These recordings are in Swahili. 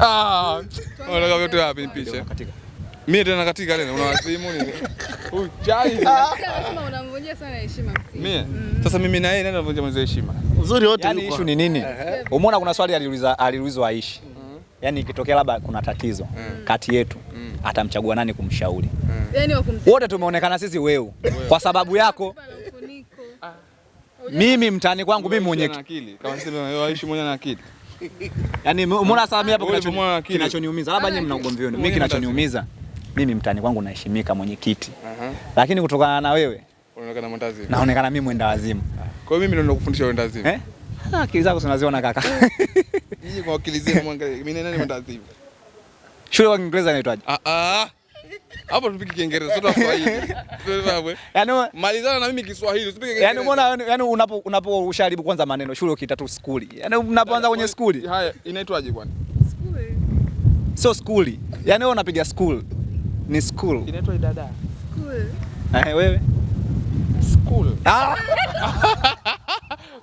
Ah, unataka vitu wapi picha? Mimi tena katika leo unawazimu nini? Uchai. Unasema unamvunjia sana heshima Mimi. Mm. Sasa mimi na yeye nenda mvunjia mzee heshima. Uzuri wote yaani yuko. Yaani issue ni nini? Umeona kuna swali aliuliza aliulizwa Aisha. Mm-hmm. Yaani ikitokea labda kuna tatizo mm. kati yetu mm. atamchagua nani kumshauri? Yaani wa Wote tumeonekana sisi wewe. Kwa sababu yako ah. mimi mtani kwangu mimi mwenyewe. Kama sisi Aishi mwenyewe na akili. Yaani umeona sasa mimi hapo kinachoniumiza. Labda nyinyi mna ugomvi wenu. Mimi kinachoniumiza mimi mtani kwangu naheshimika mwenyekiti. Uh-huh. Lakini kutokana na wewe unaonekana mwendawazimu. Naonekana mimi mwendawazimu. Ah, kwa hiyo mimi ndio nakufundisha mwendawazimu. Eh? Ah, akili zako unaziona kaka. Oh. Yeye kwa akili zangu mwangalie. Mimi nani mwendawazimu? Shule wa Kiingereza inaitwaje? Ah ah. Hapo tupiki Kiingereza sio Kiswahili. Yaani malizana na mimi Kiswahili, usipige yaani Kiingereza. Yaani unaona yaani unapo unapo usharibu kwanza maneno shule ukiita tu skuli. Yaani unapoanza kwenye skuli. Haya, inaitwaje kwani? Skuli. Sio skuli. Yaani wewe unapiga school. Ni school. Inaitwa idada. School. Eh, wewe? School. Ah.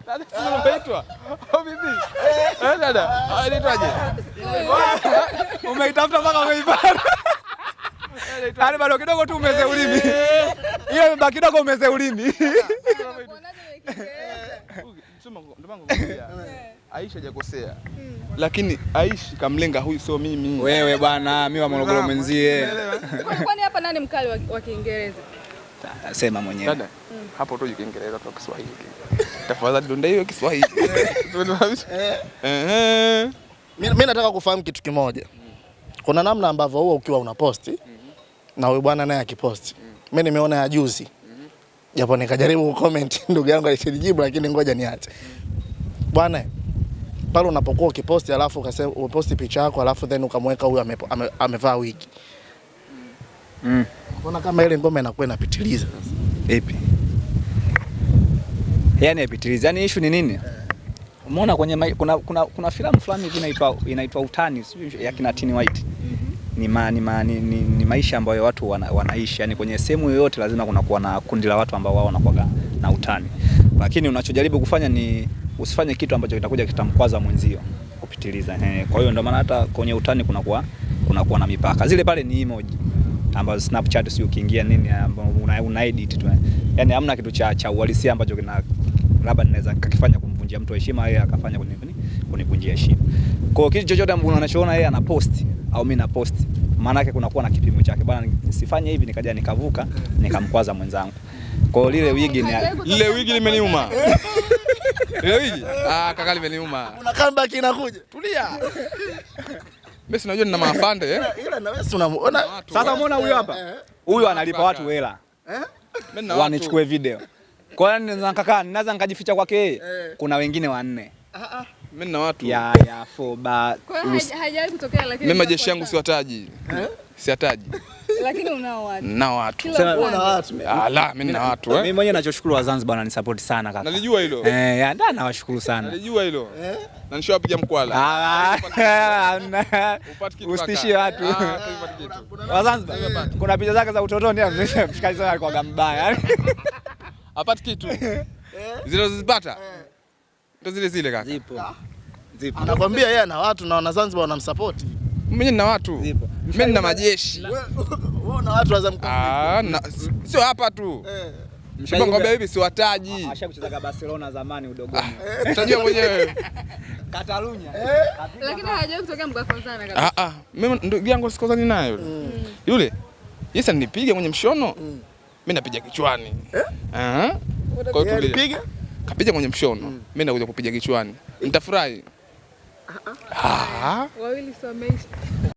Yaani oh, eh, ah Umeitafuta mpaka umeipata. Yaani bado kidogo tu umeze ulimi. Ile bado kidogo umeze ulimi. Aisha hajakosea lakini Aisha kamlenga huyu, sio mimi. Wewe bwana, mimi wa Morogoro mwenzie. Kwani hapa nani mkali wa Kiingereza? Sema mwenyewe. Dada, hapo tu Kiingereza kwa Kiswahili. Tafadhali donda hiyo Kiswahili. Mimi eh, eh. nataka kufahamu kitu kimoja. Kuna namna ambavyo huo ukiwa una posti mm na huyu bwana naye akipost. Mimi nimeona ya juzi japo nikajaribu ku comment ndugu yangu alishijibu lakini ngoja niache bwana. Pale unapokuwa ukipost alafu ukasema uposti picha yako alafu then ukamweka huyu ame, ame, amevaa wigi mm. Kuna kama ile ngoma inakuwa inapitiliza sasa? Ipi? Yaani inapitiliza, Yaani issue ni nini? Umeona kwenye kuna, kuna, kuna filamu fulani hivi inaitwa inaitwa Utani sio ya kina Tini White mm ni, ma, ni, ma, ni, ni, ni maisha ambayo watu wana, wanaishi yani, kwenye sehemu yoyote lazima kunakuwa na kundi la watu ambao wao wanakuwa na utani, lakini unachojaribu kufanya ni usifanye kitu ambacho kitakuja kitamkwaza mwenzio kupitiliza. Kwa hiyo ndio maana hata kwenye utani kunakuwa kunakuwa na mipaka. Zile pale ni emoji ambazo Snapchat sio ukiingia nini una, una edit tu. Eh. Yaani hamna kitu cha cha uhalisia ambacho kina labda ninaweza kakifanya kumvunjia mtu heshima, yeye akafanya kunivunjia heshima. Kwa hiyo kitu chochote ambacho unachoona yeye anaposti au mimi na post, maana yake kunakuwa na kipimo chake bwana, sifanye hivi nikaja nikavuka nikamkwaza mwenzangu. Kwa hiyo lile wigi ni lile wigi limeniuma lile wigi ah, kaka limeniuma. Una comeback inakuja, tulia mimi si najua nina mafande eh, ila na wewe unaona. Sasa umeona huyo hapa, eh, eh. huyo analipa watu hela eh, wanichukue video. Kwa hiyo nikakaa, ninaweza nikajificha kwake, eh. kuna wengine wanne mimi na watu. Ya ya for but. Kwa hajawahi kutokea lakini. Mimi majeshi yangu siwataji. Eh? Siwataji. Lakini unao watu. Na watu. Sema una watu. Ala, mimi ah, na watu eh. Mimi mwenyewe ninachoshukuru wa Zanzibar wananisapoti sana kaka. Nalijua hilo. Eh, ya ndio nawashukuru sana. Nalijua hilo. Eh? Na pija mkwala. Ah. ah Usitishie watu. Ah, wa Zanzibar. Eh. Kuna picha zake za utotoni hapo. Mshikaji sana alikuwa gamba mbaya. Hapati kitu. zilizozipata zilizipata. Eh ndo zile zile kaka. Zipo. Ah. Zipo. Anakwambia yeye ana watu na wana Zanzibar wanamsupport. Mimi nina watu. Zipo. Mimi nina majeshi. Wewe una watu wa Zanzibar. Ah, sio hapa tu. Eh. Ngombe hivi siwataji. Ah, Ashakucheza Barcelona zamani udogoni. Ah, Utajua mwenyewe. Catalunya. Eh? Lakini hajawahi kutokea mgafonzana kabisa. Ah ah. Mimi ndugu yangu sikozani naye mm. mm. yule. Yule. Yesa nipige mwenye mshono. Mm. Mimi napiga kichwani. Eh? Ah. Kwa hiyo tulipiga. Kapiga kwenye mshono, mm. mimi mm. nakuja kupiga kichwani, nitafurahi. Ah, ah. Ah.